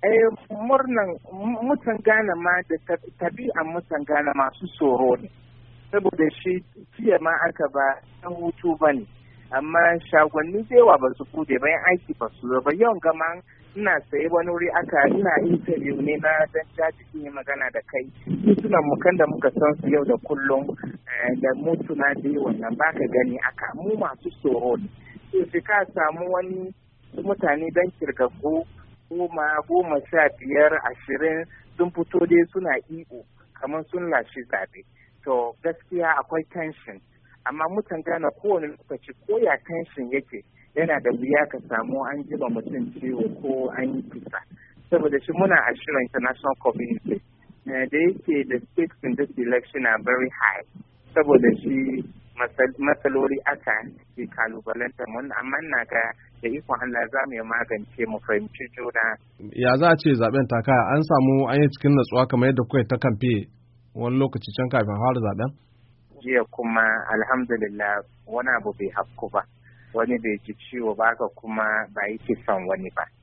Eh, murnan mutan gane ma da tabi'an mutan gane masu tsoro ne saboda shi jiya ma aka ba ɗan hutu ba ne amma shagonni da yawa ba su bude bayan aiki ba su ba yawan gama ina saye wani wuri aka ina interview ne na dan caji yi magana da kai titunan mukan da muka san su yau da kullum eh, da mutuna da yawan wannan ba ka gani aka mu masu tsoro ne sai ka samu wani mutane dan kirgaku goma goma sha biyar ashirin sun fito dai suna iko kamar sun lashe zaɓe to gaskiya akwai tension amma mutan gane kowane lokaci ko ya tension yake yana da wuya ka samu an jiba mutum ciwo ko an yi kisa saboda shi muna ashirin international community eh, da yake da stakes in this election are very high saboda shi matsaloli aka ke kalubalanta mun amma na ga da ikon Allah za mu magance mu fahimci juna. Ya za a ce zaben taka? an samu an yi cikin natsuwa kamar yadda kuka ta kamfe wani lokaci can kafin fara zaben? Jiya kuma alhamdulillah wani abu bai hafku ba wani bai ji ciwo ba ka kuma ba yake son wani ba.